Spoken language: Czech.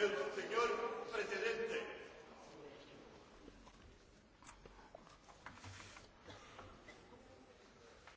el Señor